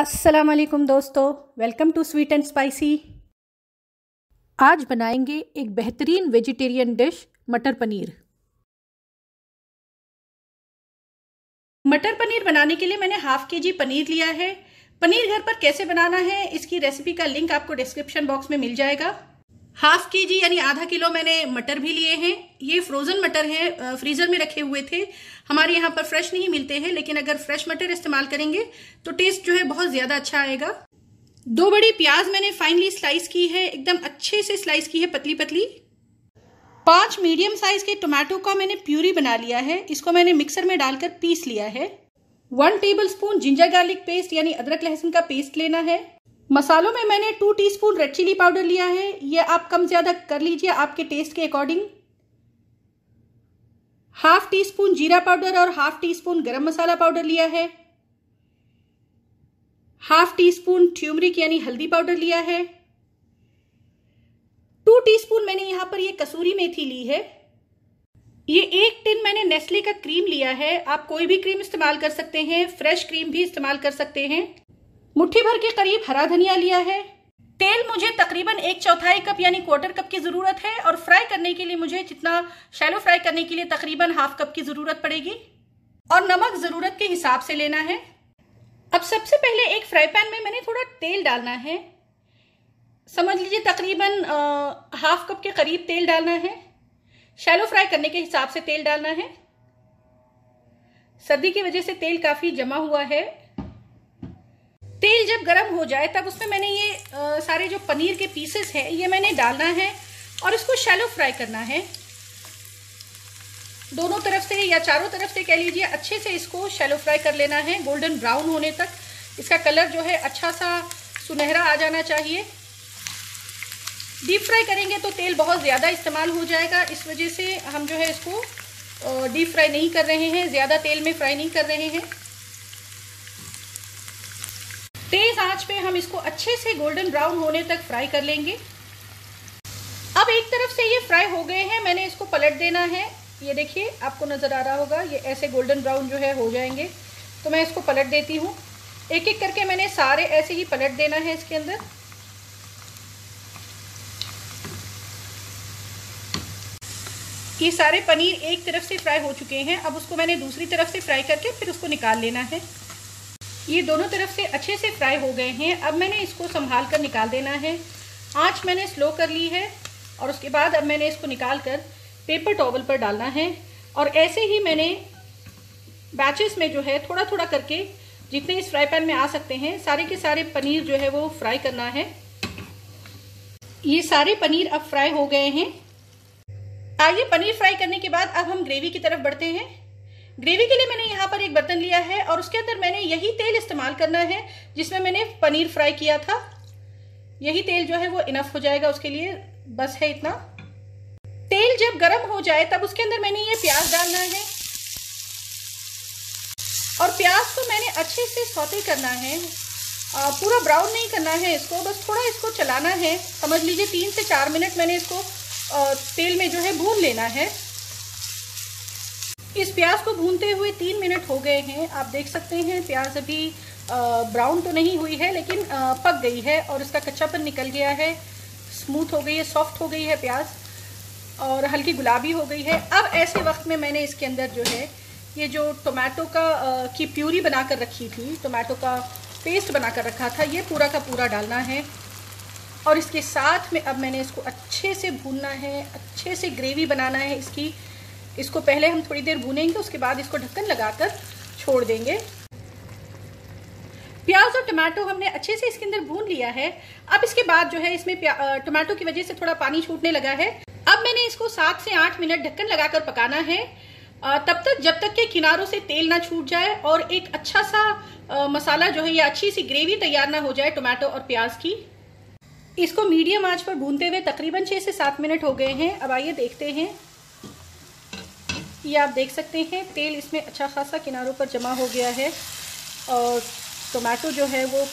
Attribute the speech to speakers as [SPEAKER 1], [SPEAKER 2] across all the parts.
[SPEAKER 1] अस्सलाम वालेकुम दोस्तों welcome to sweet and spicy आज बनाएंगे एक बेहतरीन वेजिटेरियन डिश मटर पनीर मटर पनीर बनाने के लिए मैंने हाफ के जी पनीर लिया है पनीर घर पर कैसे बनाना है इसकी रेसिपी का लिंक आपको डिस्क्रिप्शन बॉक्स में मिल जाएगा हाफ के जी यानी आधा किलो मैंने मटर भी लिए हैं ये फ्रोजन मटर हैं फ्रीजर में रखे हुए थे हमारे यहाँ पर फ्रेश नहीं मिलते हैं लेकिन अगर फ्रेश मटर इस्तेमाल करेंगे तो टेस्ट जो है बहुत ज्यादा अच्छा आएगा दो बड़ी प्याज मैंने फाइनली स्लाइस की है एकदम अच्छे से स्लाइस की है पतली पतली पांच मीडियम साइज के टोमेटो का मैंने प्यूरी बना लिया है इसको मैंने मिक्सर में डालकर पीस लिया है one tablespoon ginger garlic paste यानी अदरक लहसुन का पेस्ट लेना है मसालों में मैंने two teaspoon red chilli powder लिया है ये आप कम ज़्यादा कर लीजिए आपके टेस्ट के अकॉर्डिंग हाफ टी स्पून जीरा पाउडर और हाफ टी स्पून गरम मसाला पाउडर लिया है हाफ टी स्पून ट्यूमरिक यानी हल्दी पाउडर लिया है टू टीस्पून मैंने यहाँ पर ये कसूरी मेथी ली है ये एक टिन मैंने नेस्ले का क्रीम लिया है आप कोई भी क्रीम इस्तेमाल कर सकते हैं फ्रेश क्रीम भी इस्तेमाल कर सकते हैं मुट्ठी भर के करीब हरा धनिया लिया है तेल मुझे तकरीबन एक चौथाई कप यानी क्वार्टर कप की ज़रूरत है और फ्राई करने के लिए मुझे जितना शैलो फ्राई करने के लिए तकरीबन हाफ कप की ज़रूरत पड़ेगी और नमक ज़रूरत के हिसाब से लेना है अब सबसे पहले एक फ्राई पैन में मैंने थोड़ा तेल डालना है समझ लीजिए तकरीबन हाफ कप के करीब तेल डालना है शैलो फ्राई करने के हिसाब से तेल डालना है सर्दी की वजह से तेल काफ़ी जमा हुआ है जब गर्म हो जाए तब उसमें मैंने ये आ, सारे जो पनीर के पीसेस हैं ये मैंने डालना है और इसको शैलो फ्राई करना है दोनों तरफ से या चारों तरफ से कह लीजिए अच्छे से इसको शैलो फ्राई कर लेना है गोल्डन ब्राउन होने तक इसका कलर जो है अच्छा सा सुनहरा आ जाना चाहिए डीप फ्राई करेंगे तो तेल बहुत ज़्यादा इस्तेमाल हो जाएगा इस वजह से हम जो है इसको डीप फ्राई नहीं कर रहे हैं ज़्यादा तेल में फ्राई नहीं कर रहे हैं तेज आंच पे हम इसको अच्छे से गोल्डन ब्राउन होने तक फ्राई कर लेंगे अब एक तरफ से ये फ्राई हो गए हैं मैंने इसको पलट देना है ये देखिए आपको नज़र आ रहा होगा ये ऐसे गोल्डन ब्राउन जो है हो जाएंगे तो मैं इसको पलट देती हूँ एक एक करके मैंने सारे ऐसे ही पलट देना है इसके अंदर ये सारे पनीर एक तरफ से फ्राई हो चुके हैं अब उसको मैंने दूसरी तरफ से फ्राई करके फिर उसको निकाल लेना है ये दोनों तरफ से अच्छे से फ्राई हो गए हैं अब मैंने इसको संभाल कर निकाल देना है आँच मैंने स्लो कर ली है और उसके बाद अब मैंने इसको निकाल कर पेपर टॉवल पर डालना है और ऐसे ही मैंने बैचेस में जो है थोड़ा थोड़ा करके जितने इस फ्राई पैन में आ सकते हैं सारे के सारे पनीर जो है वो फ्राई करना है ये सारे पनीर अब फ्राई हो गए हैं आइए पनीर फ्राई करने के बाद अब हम ग्रेवी की तरफ बढ़ते हैं ग्रेवी के लिए मैंने यहाँ पर एक बर्तन लिया है और उसके अंदर मैंने यही तेल इस्तेमाल करना है जिसमें मैंने पनीर फ्राई किया था यही तेल जो है वो इनफ हो जाएगा उसके लिए बस है इतना तेल जब गर्म हो जाए तब उसके अंदर मैंने ये प्याज डालना है और प्याज को मैंने अच्छे से सौते करना है पूरा ब्राउन नहीं करना है इसको बस थोड़ा इसको चलाना है समझ लीजिए तीन से चार मिनट मैंने इसको तेल में जो है भून लेना है इस प्याज को भूनते हुए तीन मिनट हो गए हैं आप देख सकते हैं प्याज अभी ब्राउन तो नहीं हुई है लेकिन पक गई है और इसका कच्चापन निकल गया है स्मूथ हो गई है सॉफ्ट हो गई है प्याज और हल्की गुलाबी हो गई है अब ऐसे वक्त में मैंने इसके अंदर जो है ये जो टोमेटो का की प्यूरी बना कर रखी थी टोमेटो का पेस्ट बना कर रखा था ये पूरा का पूरा डालना है और इसके साथ में अब मैंने इसको अच्छे से भूनना है अच्छे से ग्रेवी बनाना है इसकी इसको पहले हम थोड़ी देर भूनेंगे उसके बाद इसको ढक्कन लगाकर छोड़ देंगे प्याज और टमाटो हमने अच्छे से इसके अंदर भून लिया है अब इसके बाद जो है इसमें टमाटो की वजह से थोड़ा पानी छूटने लगा है अब मैंने इसको सात से आठ मिनट ढक्कन लगाकर पकाना है तब तक जब तक के किनारों से तेल ना छूट जाए और एक अच्छा सा मसाला जो है या अच्छी सी ग्रेवी तैयार ना हो जाए टमाटो और प्याज की इसको मीडियम आंच पर भूनते हुए तकरीबन छह से सात मिनट हो गए हैं अब आइए देखते हैं ये आप देख सकते हैं तेल इसमें अच्छा खासा किनारों पर जमा हो गया है और टोमेटो जो है वो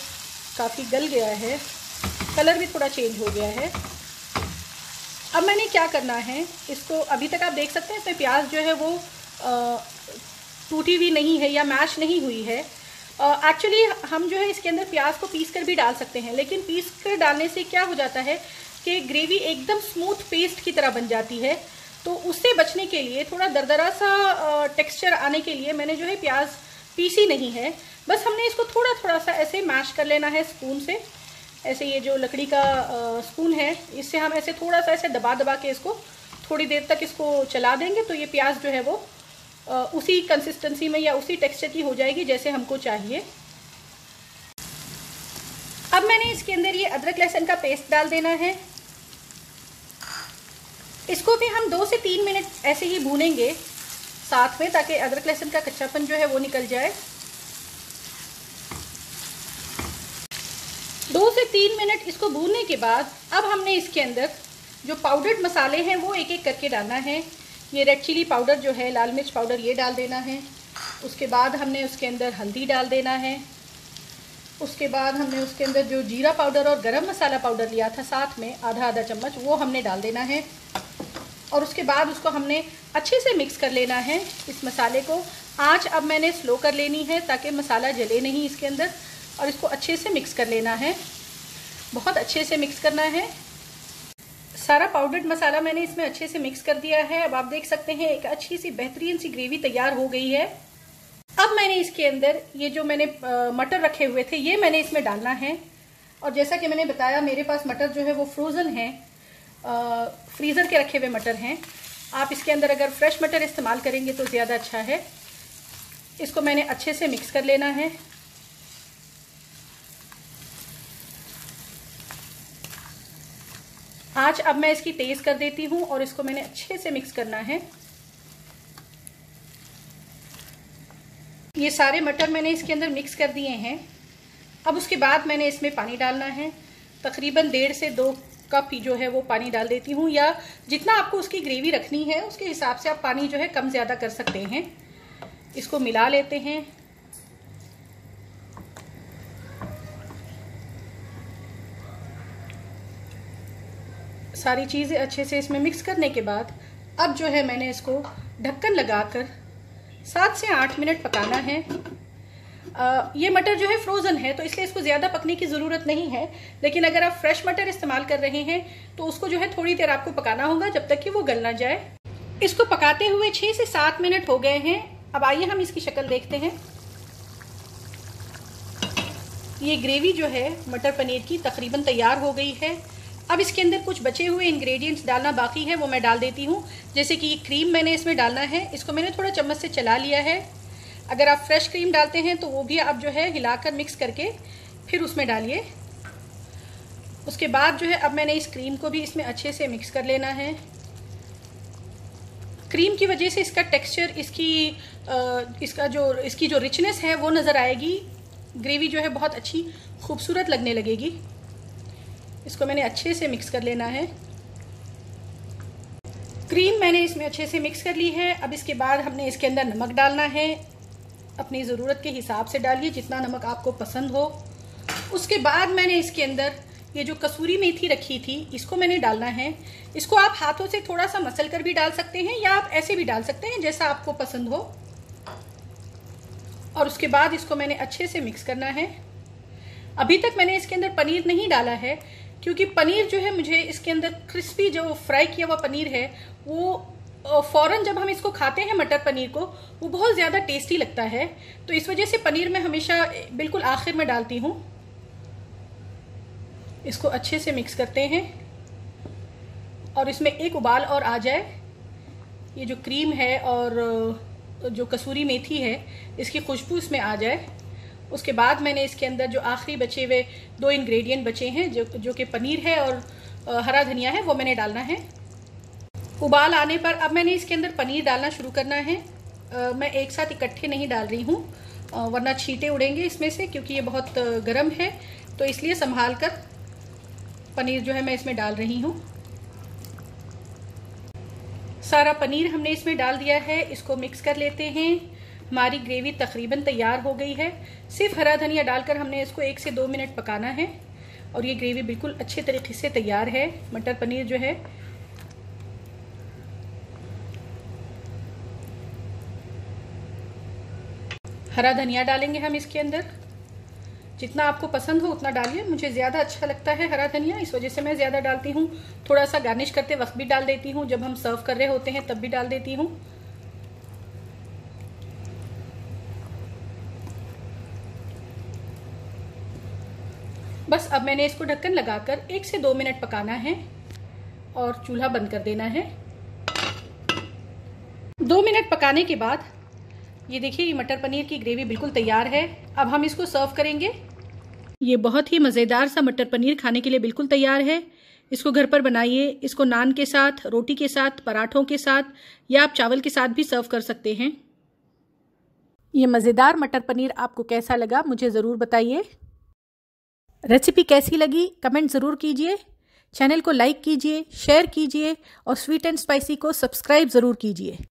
[SPEAKER 1] काफ़ी गल गया है कलर भी थोड़ा चेंज हो गया है अब मैंने क्या करना है इसको अभी तक आप देख सकते हैं इसमें प्याज जो है वो टूटी हुई नहीं है या मैश नहीं हुई है एक्चुअली हम जो है इसके अंदर प्याज को पीस कर भी डाल सकते हैं लेकिन पीस कर डालने से क्या हो जाता है कि ग्रेवी एकदम स्मूथ पेस्ट की तरह बन जाती है तो उससे बचने के लिए थोड़ा दरदरा सा टेक्सचर आने के लिए मैंने जो है प्याज पीसी नहीं है बस हमने इसको थोड़ा थोड़ा सा ऐसे मैश कर लेना है स्पून से ऐसे ये जो लकड़ी का स्पून है इससे हम ऐसे थोड़ा सा ऐसे दबा दबा के इसको थोड़ी देर तक इसको चला देंगे तो ये प्याज जो है वो उसी कंसिस्टेंसी में या उसी टेक्सचर की हो जाएगी जैसे हमको चाहिए अब मैंने इसके अंदर ये अदरक लहसुन का पेस्ट डाल देना है इसको भी हम दो से तीन मिनट ऐसे ही भूनेंगे साथ में ताकि अदरक लहसुन का कच्चापन जो है वो निकल जाए दो से तीन मिनट इसको भूनने के बाद अब हमने इसके अंदर जो पाउडर्ड मसाले हैं वो एक एक करके डालना है ये रेड चिली पाउडर जो है लाल मिर्च पाउडर ये डाल देना है उसके बाद हमने उसके अंदर हल्दी डाल देना है उसके बाद हमने उसके अंदर जो जीरा पाउडर और गरम मसाला पाउडर लिया था साथ में आधा आधा चम्मच वो हमने डाल देना है और उसके बाद उसको हमने अच्छे से मिक्स कर लेना है इस मसाले को आँच अब मैंने स्लो कर लेनी है ताकि मसाला जले नहीं इसके अंदर और इसको अच्छे से मिक्स कर लेना है बहुत अच्छे से मिक्स करना है सारा पाउडर्ड मसाला मैंने इसमें अच्छे से मिक्स कर दिया है अब आप देख सकते हैं एक अच्छी सी बेहतरीन सी ग्रेवी तैयार हो गई है अब मैंने इसके अंदर ये जो मैंने मटर रखे हुए थे ये मैंने इसमें डालना है और जैसा कि मैंने बताया मेरे पास मटर जो है वो फ्रोज़न है फ्रीज़र के रखे हुए मटर हैं आप इसके अंदर अगर फ्रेश मटर इस्तेमाल करेंगे तो ज़्यादा अच्छा है इसको मैंने अच्छे से मिक्स कर लेना है आज अब मैं इसकी तेज़ कर देती हूँ और इसको मैंने अच्छे से मिक्स करना है ये सारे मटर मैंने इसके अंदर मिक्स कर दिए हैं अब उसके बाद मैंने इसमें पानी डालना है तकरीबन डेढ़ से दो कप जो है वो पानी डाल देती हूँ या जितना आपको उसकी ग्रेवी रखनी है उसके हिसाब से आप पानी जो है कम ज़्यादा कर सकते हैं इसको मिला लेते हैं सारी चीज़ें अच्छे से इसमें मिक्स करने के बाद अब जो है मैंने इसको ढक्कन लगाकर सात से आठ मिनट पकाना है ये मटर जो है फ्रोज़न है तो इसलिए इसको ज़्यादा पकने की ज़रूरत नहीं है लेकिन अगर आप फ्रेश मटर इस्तेमाल कर रहे हैं तो उसको जो है थोड़ी देर आपको पकाना होगा जब तक कि वो गल ना जाए इसको पकाते हुए छः से सात मिनट हो गए हैं अब आइए हम इसकी शक्ल देखते हैं ये ग्रेवी जो है मटर पनीर की तकरीबन तैयार हो गई है अब इसके अंदर कुछ बचे हुए इंग्रेडिएंट्स डालना बाकी है वो मैं डाल देती हूँ जैसे कि ये क्रीम मैंने इसमें डालना है इसको मैंने थोड़ा चम्मच से चला लिया है अगर आप फ्रेश क्रीम डालते हैं तो वो भी आप जो है हिलाकर मिक्स करके फिर उसमें डालिए उसके बाद जो है अब मैंने इस क्रीम को भी इसमें अच्छे से मिक्स कर लेना है क्रीम की वजह से इसका टेक्सचर इसकी इसका जो इसकी जो रिचनेस है वो नज़र आएगी ग्रेवी जो है बहुत अच्छी खूबसूरत लगने लगेगी इसको मैंने अच्छे से मिक्स कर लेना है क्रीम मैंने इसमें अच्छे से मिक्स कर ली है अब इसके बाद हमने इसके अंदर नमक डालना है अपनी ज़रूरत के हिसाब से डालिए जितना नमक आपको पसंद हो उसके बाद मैंने इसके अंदर ये जो कसूरी मेथी रखी थी इसको मैंने डालना है इसको आप हाथों से थोड़ा सा मसल कर भी डाल सकते हैं या आप ऐसे भी डाल सकते हैं जैसा आपको पसंद हो और उसके बाद इसको मैंने अच्छे से मिक्स करना है अभी तक मैंने इसके अंदर पनीर नहीं डाला है क्योंकि पनीर जो है मुझे इसके अंदर क्रिस्पी जो फ्राई किया हुआ पनीर है वो फ़ौरन जब हम इसको खाते हैं मटर पनीर को वो बहुत ज़्यादा टेस्टी लगता है तो इस वजह से पनीर मैं हमेशा बिल्कुल आखिर में डालती हूँ इसको अच्छे से मिक्स करते हैं और इसमें एक उबाल और आ जाए ये जो क्रीम है और जो कसूरी मेथी है इसकी खुशबू इसमें आ जाए उसके बाद मैंने इसके अंदर जो आखिरी बचे हुए दो इंग्रेडिएंट बचे हैं जो जो कि पनीर है और हरा धनिया है वो मैंने डालना है उबाल आने पर अब मैंने इसके अंदर पनीर डालना शुरू करना है आ, मैं एक साथ इकट्ठे नहीं डाल रही हूँ वरना छींटे उड़ेंगे इसमें से क्योंकि ये बहुत गर्म है तो इसलिए संभाल कर पनीर जो है मैं इसमें डाल रही हूँ सारा पनीर हमने इसमें डाल दिया है इसको मिक्स कर लेते हैं हमारी ग्रेवी तकरीबन तैयार हो गई है सिर्फ हरा धनिया डालकर हमने इसको एक से दो मिनट पकाना है और ये ग्रेवी बिल्कुल अच्छे तरीके से तैयार है मटर पनीर जो है हरा धनिया डालेंगे हम इसके अंदर जितना आपको पसंद हो उतना डालिए मुझे ज़्यादा अच्छा लगता है हरा धनिया इस वजह से मैं ज़्यादा डालती हूँ थोड़ा सा गार्निश करते वक्त भी डाल देती हूँ जब हम सर्व कर रहे होते हैं तब भी डाल देती हूँ बस अब मैंने इसको ढक्कन लगाकर एक से दो मिनट पकाना है और चूल्हा बंद कर देना है दो मिनट पकाने के बाद ये देखिए ये मटर पनीर की ग्रेवी बिल्कुल तैयार है अब हम इसको सर्व करेंगे ये बहुत ही मज़ेदार सा मटर पनीर खाने के लिए बिल्कुल तैयार है इसको घर पर बनाइए इसको नान के साथ रोटी के साथ पराठों के साथ या आप चावल के साथ भी सर्व कर सकते हैं ये मज़ेदार मटर पनीर आपको कैसा लगा मुझे ज़रूर बताइए रेसिपी कैसी लगी कमेंट ज़रूर कीजिए चैनल को लाइक कीजिए शेयर कीजिए और स्वीट एंड स्पाइसी को सब्सक्राइब ज़रूर कीजिए